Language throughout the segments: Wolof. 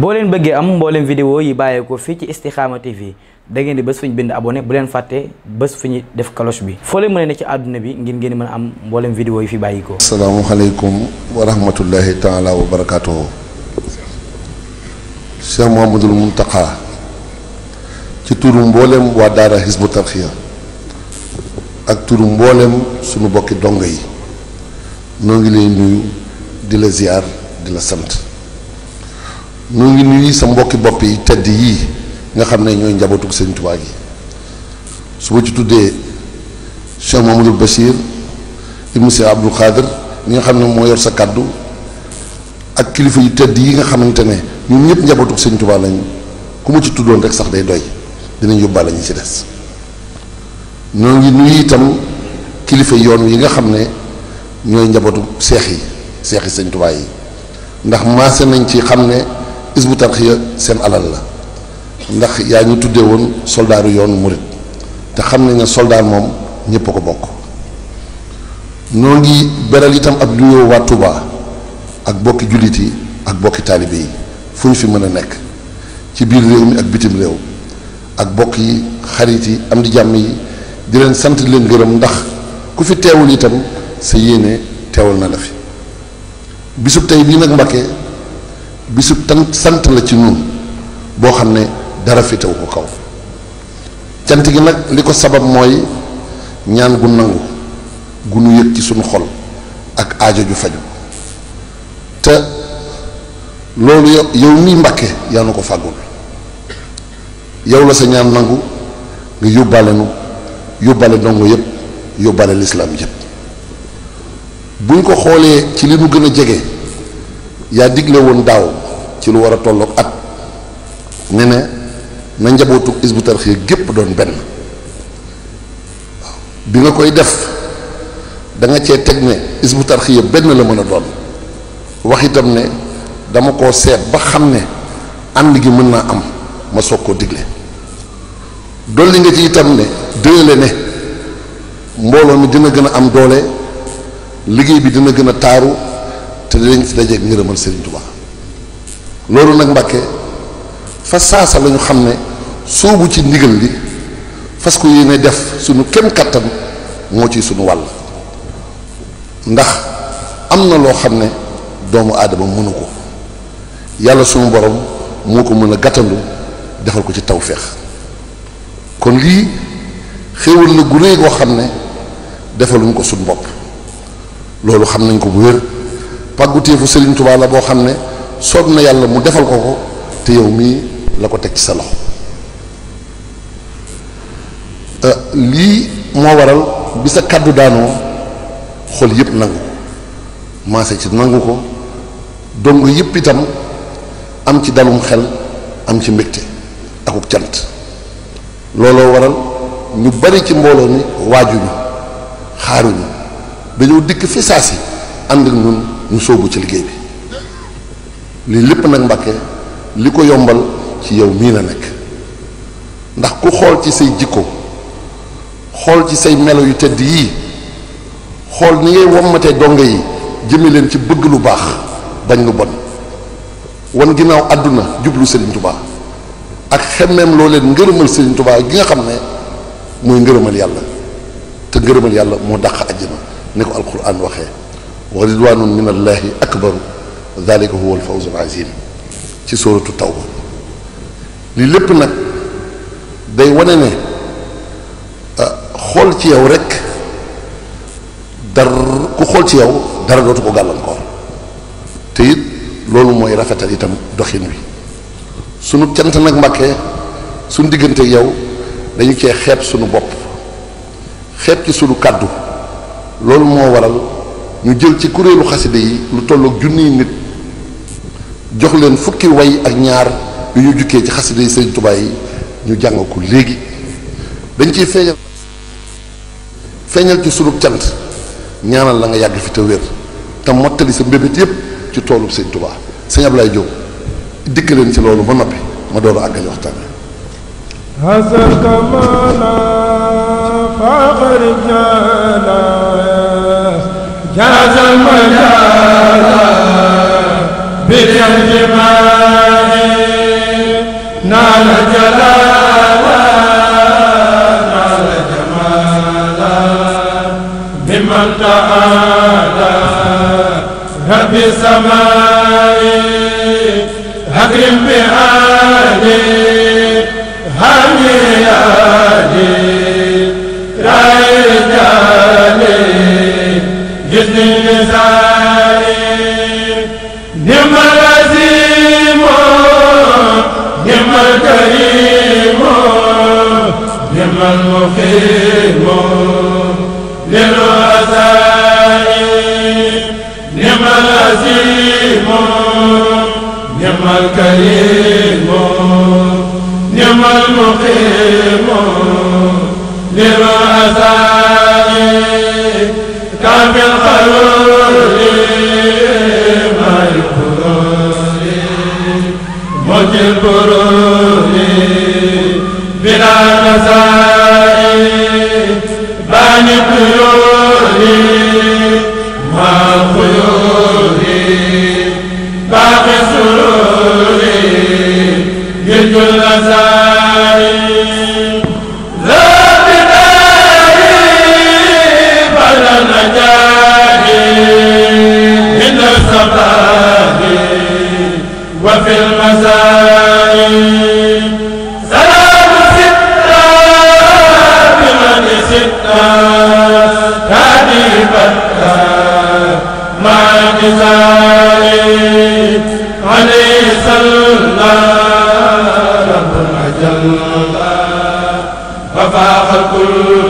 boo leen bëggee am mbooleem vidéo yi bàyyeekoo fii ci Istikhama TV da ngeen di bés fu ñu bind abonné bu leen fàtte bés fu ñu def cloche bi foo leen mën ne ci àdduna bi ngir ngeen mën a am mbooleem vidéo yi fi bàyyikoo asalaamaaleykum wa rahmatullahi taala wa barakatuhu Cheikh Mouhamadoul Mountakha ci turu mbooleem waa daara Hizbu Tarxiya ak turu mbooleem suñu bokki dongo yi noo ngi lay nuyu di la ziar di la sant noo ngi nuyu sa mbokki bopp yi tëdd yii nga xam ne ñooy njabootu sëñ Tuubaa gi su ma ci tuddee Cheikh Mamadou Bachir ibnu Cheikh Abdou Khader mi nga xam ne moo yor sa kàddu ak kilifa yu tëdd yi nga xamante ne ñun ñëpp njabootug sëñ lañ ku ma ci tuddoon rek sax day doy dinañ yóbbaale ñi ci des noo ngi nuyu kilifa yoon yi nga xam ne ñooy njabootu seex yi seex yi sëñ Tuubaa yi ndax maase nañ ci xam ne. isbu tarxiya seen alal la ndax yaa ñu tuddee woon soldaaru yoonu murit te xam nañ ne soldaar moom ñépp ko bokk noo ngi beral itam ab nuyoo waa Touba ak bokki jullit yi ak bokki taalibe yi fu ñu fi mën a nekk ci biir réew mi ak bitim réew ak bokk yi xarit yi am di jàmm yi di leen sant leen gërëm ndax ku fi teewul itam sa yéene teewal na la fi bisub tey bii nag Mbakke bisub tant sant la ci nun boo xam ne dara féetewu ko kaw cant gi nag li ko sabab mooy ñaan gu nangu gu nu yëg ci suñu xol ak aajo ju faju te loolu yow yow miy yaa nu ko fàggul yow la sa ñaan nangu nga yóbbaale nu yóbbaale ndongo yëpp yóbbaale lislaam yëpp buñ ko xoolee ci li mu gën a jege yaa digle woon daaw ci lu war a tollook at ne ne na njabootu Hizbut Tarqiyyah gépp doon benn bi nga koy def danga cee teg ne Hizbut Tarqiyyah benn la mën a doon wax itam ne dama ko seet ba xam ne ànd gi mën naa am ma soog koo digle dolli nga ci itam ne déele ne mbooloo mi dina gën a am doole liggéey bi dina gën a taaru te dinañ fi dajeeg ngërëmal Serigne Touba. loolu nag Mbàkke fa saasa la ñu xam ne soobu ci ndigal li fas ko yéene def suñu kem kattan moo ci suñu wàll ndax am na loo xam ne doomu aadama mënu ko yàlla suñu boroom moo ko mën a gàttandu defal ko ci tawféex kon lii xéewal la gu rëy goo xam ne defaluñ ko suñu bopp loolu xam nañ ko bu wér pàggutéefu Sëriñ Tuubaa la boo xam ne soob na yàlla mu defal ko ko te yow mii la ko teg ci sa loxo euh, lii moo waral bi sa kàddu daanoo xol yëpp nangu ko maase ci nangu ko dong yëpp itam am ci dalum xel am ci mbégte akuk cant looloo waral ñu bari ci mbooloo mi waajuñu xaaruñu dañoo dikk fi saa si ànd ak ñun ñu sóobu ci liggéey bi lii lépp nag Mbàkke li ko yombal ci yow mii na nekk ndax ku xool ci say jikko xool ci say melo yu tedd yii xool ni ngay wommatee donge yi jëme leen ci bëgg lu baax bañ lu bon wan ginnaaw àdduna jublu Serigne Touba ak xemmeem loo leen ngërëmal Serigne Touba gi nga xam ne mooy ngërëmal yàlla te ngërëmal yàlla moo dàq àjjana ne ko alquran waxee wa ridwanun min allahi akbaru dalika huwa al fawz al azim ci sóoratu tawba li lépp nag day wane ne ah, xool ci yow rek dar ci yow dara dootu ko gàllankoor te it loolu mooy rafetal itam doxin wi sunu cant nag mbàkkee sunu diggante yow dañu cee xeeb sunu bopp xeeb ci sunu kàddu loolu moo waral ñu jël ci kuréelu xaside yi lu tolloog junniy nit jox leen fukki way ak ñaar yu ñu jukkee ci xasida yi Sëriñ Tuubaa yi ñu jàng ko léegi dañ ciy feeñal feeñal ci sunu cant ñaanal la nga yàgg fi te wér te mottali sa mbébét yépp ci toolu Sëriñ Tuubaa sëñ Ablaye Diop dikk ci loolu ba noppi ma door a àggali waxtaan bi. المقيم للرؤساء نعم العزيم نعم الكريم نعم المقيم للرؤساء ma الجنة وفاق كل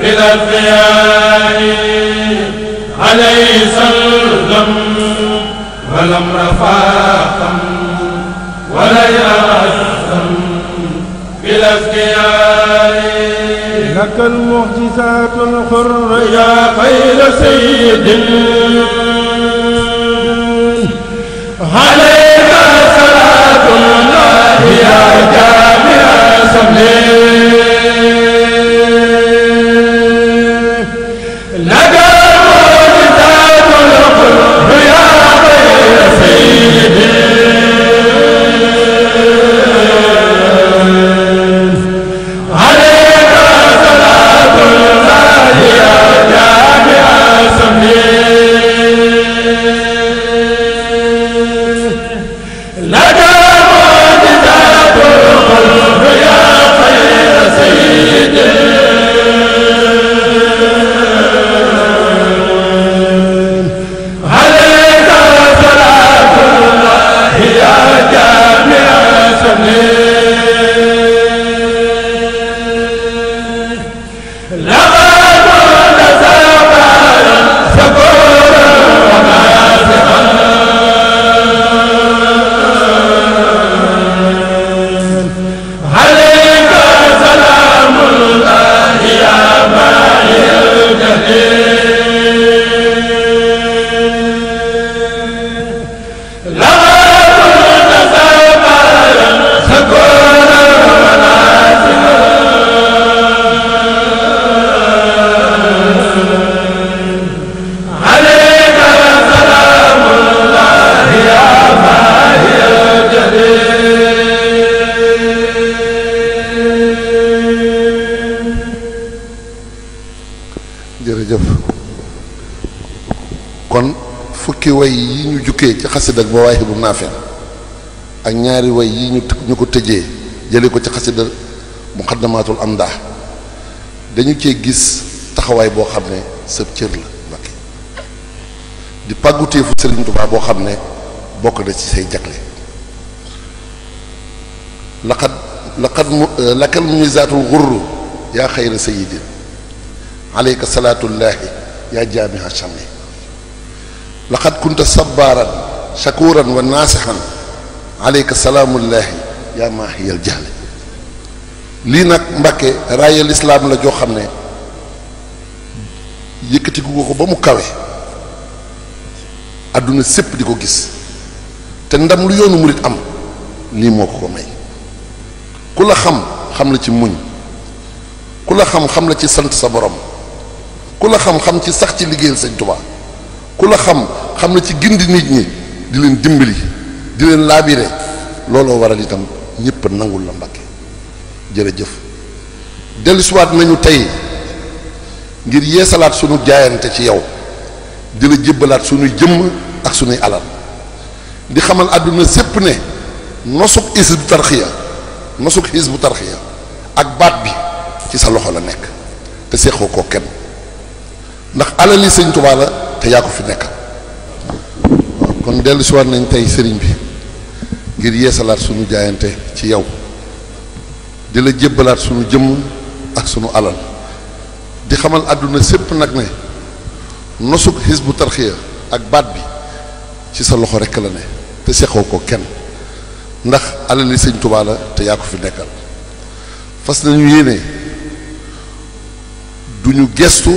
بالأدعياء عليه سلم ولم رفاقا ولا يعزم بالأذكياء لك المعجزات الخر يا خير سيد عليه la kon fukki way yi ñu jukkee ci xasida ak mawaahibu naafi ak ñaari way yi ñu ñu ko tëjee jële ko ci xasida muqaddamatul amdah dañu ci gis taxawaay boo xam ne sab cër la Mbàkke di pàgguteefu Sëriñ Tuubaa boo xam ne bokk na ci say jagle laqad laqad mu lakal muizaatul xurru yaa xayra sayyidin aleyka yaa jaamiha chammi laqad kunta sabbaaran shakuuran wa naasixan aleyka salaamullaahi yaa maahiyal jahl lii nag Mbàkke raaya lislaam la joo xam ne yëkkati gu ko ba mu kawe àdduna sépp di ko gis te ndam lu yoonu murit am lii moo ko ko may ku la xam xam la ci muñ ku la xam xam la ci sant sa borom ku la xam xam ci sax ci liggéeyal Sëñ Tuubaa ku la xam xam na ci gindi nit ñi di leen dimbali di leen laabire looloo waral itam ñëpp nangul la Mbàkke jërëjëf dellusiwaat nañu tey ngir yeesalaat sunu jaayante ci yow di la jébbalaat sunuy jëmm ak sunuy alal di xamal àdduna sépp ne nosuk Hizbut Tarqiyyah nosuk Hizbut ak baat bi ci sa loxo la nekk te seexoo ko kenn ndax alal yi sëñ Tuubaa te yaa ko fi nekkal kon dellu si waat nañ tey sëriñ bi ngir yeesalaat sunu jaayante ci yow di la jébbalaat sunu jëmm ak sunu alal xamal àdduna sépp nag ne nosug bu Tarqiyyah ak baat bi ci sa loxo rekk la ne te seqoo ko kenn ndax alali sëñ Tuubaa la te yaa ko fi nekkal fas nañu yéene du ñu gestu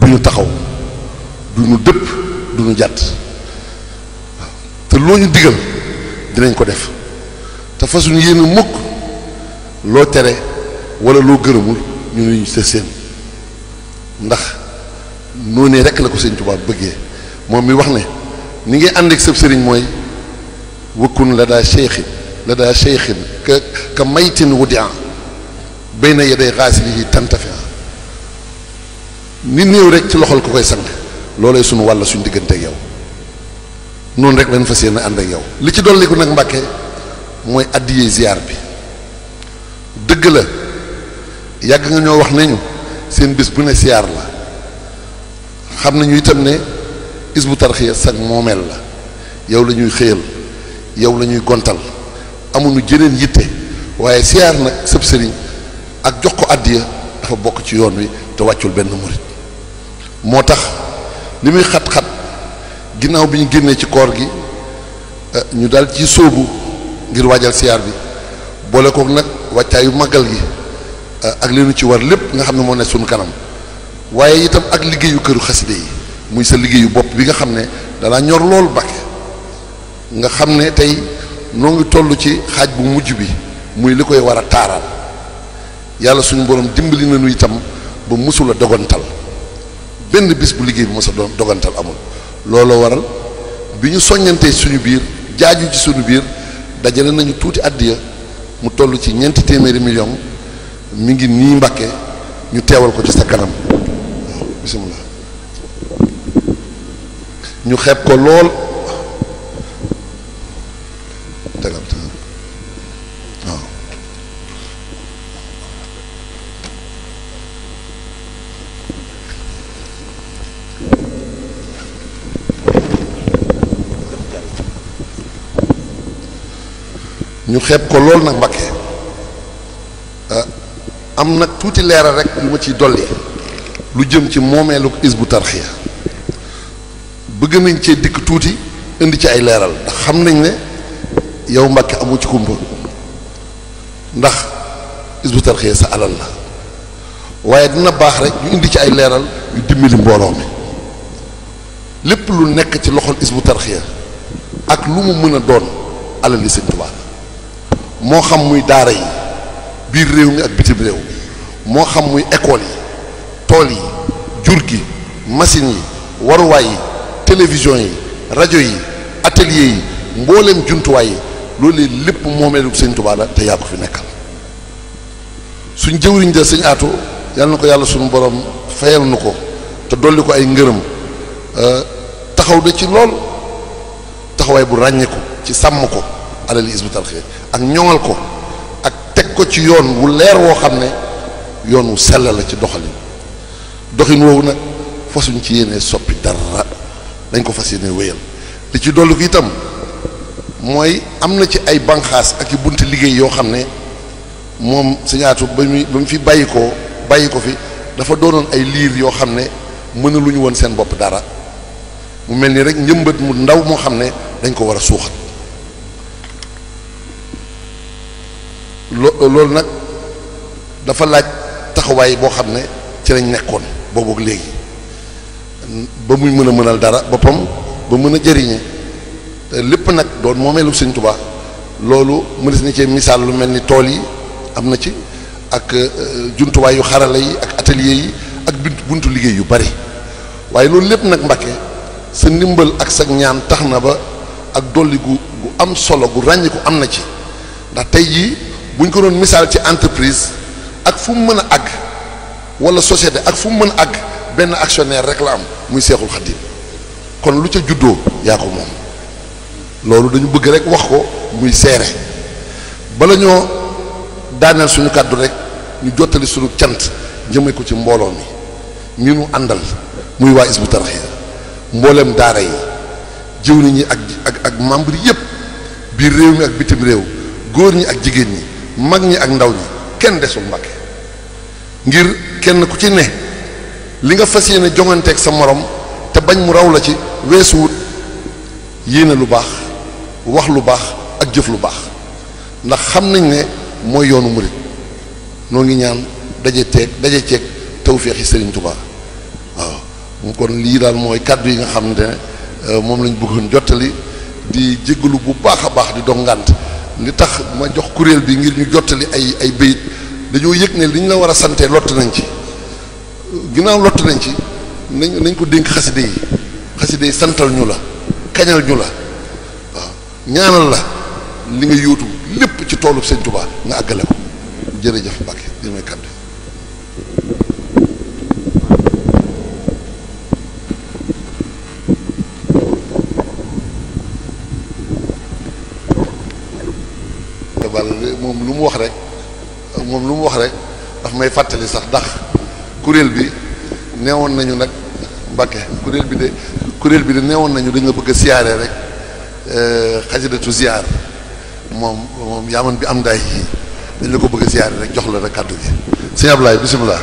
du ñu taxaw du ñu dëpp du ñu jàtt te loo ñu digal dinañ ko def te fasuñu yéene mukk loo tere wala loo gërëmul ñu ne ñu seen ndax noonee rek la ko sëñ Tuubaa bëggee moom mi wax ne ni ngay ànd ak sëb sëriñ mooy wëkkun la daa cheikhin la daa cheikhin ka ka maytin wudi an bay na yeday xaasilihi tantafi ni néew rek ci loxol ku koy sang loolee suñu wàll suñu diggante ak yow noonu rek lañ fas yéene ànd ak yow li ci dolliku nag mbàkke mooy addiyee ziar bi dëgg la yàgg nga ñoo wax nañu seen bés bu ne siyaar la xam nañu itam ne isbu tarxiya sag moomeel la yow lañuy ñuy xëyal yow la ñuy gontal amuñu jeneen yitte waaye siyaar nag sëb sëriñ ak jox ko àddiya dafa bokk ci yoon wi te wàccul benn murit moo tax li muy xat-xat ginnaaw bi ñu génnee ci koor gi eh, ñu dal ci sóobu ngir waajal siyaar bi boole kook nag wàccaayu magal gi ak li ci war lépp nga xam ne moo ne suñu kanam waaye itam ak liggéeyu këru xaside yi muy sa liggéeyu bopp bi nga xam ne danaa ñor loolu Mbàkke nga xam ne tey noo ngi toll ci xaaj bu mujj bi muy li koy war a taaral yàlla suñu borom dimbali nañu itam ba mësula dogantal benn bis bu liggéey bi doon dogantal amul looloo waral bi ñu soññantee suñu biir jaaju ci suñu biir dajale nañu tuuti àddiya mu toll ci ñeenti téeméeri million mi ngi nii mbakke ñu teewal ko ci sa kanam bisimilah ñu xeeb ko lool tegal waaw ñu nag Mbàkke am nag tuuti leeral rek yu ma ciy dolli lu jëm ci moomeelu bu Tarqiyyah bëgg nañ cee dikk tuuti indi ci ay leeral ndax xam nañ ne yow Mbàkke amu ci kumpa ndax Hizbut Tarqiyyah sa alal la waaye dina baax rek ñu indi ci ay leeral yu dimbali mbooloo mi lépp lu nekk ci loxol Hizbut Tarqiyyah ak lu mu mën a doon alal yi Sëñ Tuubaa moo xam muy daara yi biir réew mi ak bitim réew mi moo xam muy école yi tool yi jur gi machines yi waruwaay yi télévision yi rajo yi atelier yi mbooleem jumtuwaay yi loolu lépp moomeelu sëñ Tuubaa te yaa ko fi nekkal suñ jëwriñ de sëñ aatu yàlla na ko yàlla suñu borom fayal nu ko te dolli ko ay ngërëm euh, taxaw da ci lool taxawaay bu ràññee ko ci sàmm ko alali Hizbut Tarqiyyah ak ñoŋal ko ak teg ko ci yoon wu leer woo xam ne yoonu wu sell la ci doxalin doxin woowu nag fasuñ ci yéenee soppi dara dañ ko fas yéene wéyal li ci dolli ko itam mooy am na ci ay banqaas ak i bunti liggéey yoo xam ne moom sañaatu ba muy ba mu fi bàyyi ko bàyyi ko fi dafa doonoon ay liir yoo xam ne mëna lu ñu woon seen bopp dara mu mel ni rek njëmbat mu ndaw moo xam ne dañ ko war a suuxat lo loolu nag dafa laaj taxawaay boo xam ne ci lañ nekkoon boobu léegi ba muy mën a mënal dara boppam ba mën a jëriñe lépp nag doon moomeelu Sëñ Tuubaa loolu mënees na cee misaal lu mel ni tool yi am na ci ak euh, jumtuwaay yu xarala yi ak atelier yi ak buntu buntu liggéey yu bari waaye loolu lépp nag Mbàkke sa ndimbal ak sa ñaan tax na ba ak dolli gu gu am solo gu ràññiku am na ci ndax tey jii buñ ko doon misaal ci entreprise ak fu mu mën a àgg wala société ak fu mu mën a àgg benn actionnaire rek la am muy Seexul Xadiim kon lu ca juddoo yaa ko moom loolu dañu bëgg rek wax ko muy seere bala ñoo daaneel suñu kàddu rek ñu jottali suñu cant jëme ko ci mbooloo mi mi nu àndal muy waa Hizbut Tarqiyyah mbooleem daara yi jiw nit ñi ak ak ak membre yépp biir réew mi ak bitim réew góor ñi ak jigéen ñi mag ñi ak ndaw ñi kenn desul Mbàkke ngir kenn ku ci ne li nga fas yéene jonganteeg sa morom te bañ mu raw la ci weesuwut yéene lu baax wax lu baax ak jëf lu baax ndax xam nañ ne mooy yoonu murit noo ngi ñaan daje teeg daje ceeg tawféexi Sëriñ Tuubaa waaw mu kon lii daal mooy kàddu yi nga xam ne euh, moom lañ bëggoon jottali di jéggalu bu baax a baax di dongante li tax ma jox kuréel bi ngir ñu jottali ay ay bayit dañoo yëg ne li ñu la war a sante lott nañ ci ginnaaw lott nañ ci nañ nañ ko dénk xaside yi xaside yi santal ñu la kañal ñu la waaw ñaanal la li nga yóotu lépp ci toolu Sëñ Tuubaa nga àggale ko jërëjëf Mbàkke di may kàddu moom lu mu wax rek moom lu mu wax rek daf may fàttali sax ndax kuréel bi neewoon nañu nag Mbàkke kuréel bi de kuréel bi de neewoon nañu dañu la bëgg a rek xasidatu euh, ziar moom moom yaaman bi am ndaay yi dañ la rek jox la rek bisimilah.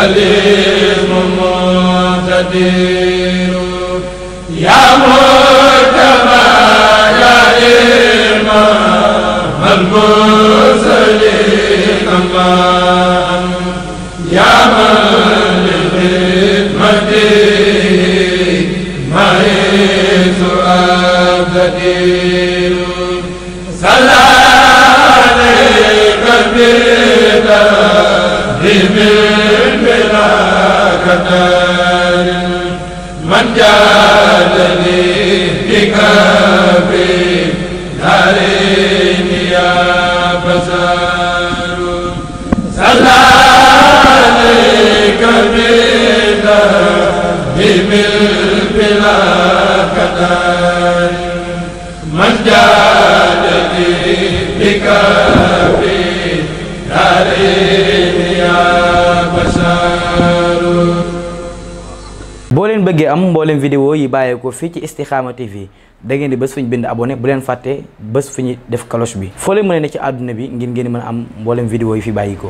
الحليم مقتدير يا مرتبى يا إمام المرسلين أمان يا من بخدمته معيذ أبدير صلى عليك بنا Amen. كدار من جادني بكافي bëggee am mboolem vidéo yi bàyyeekoo fii ci Istikhama TV da ngeen di bés fu ñu bind abonné bu leen fàtte bés fu ñu def cloche bi foo leen mën ne ci àdduna bi ngir ngeen mën a am mboolem vidéo yi fi bàyyikoo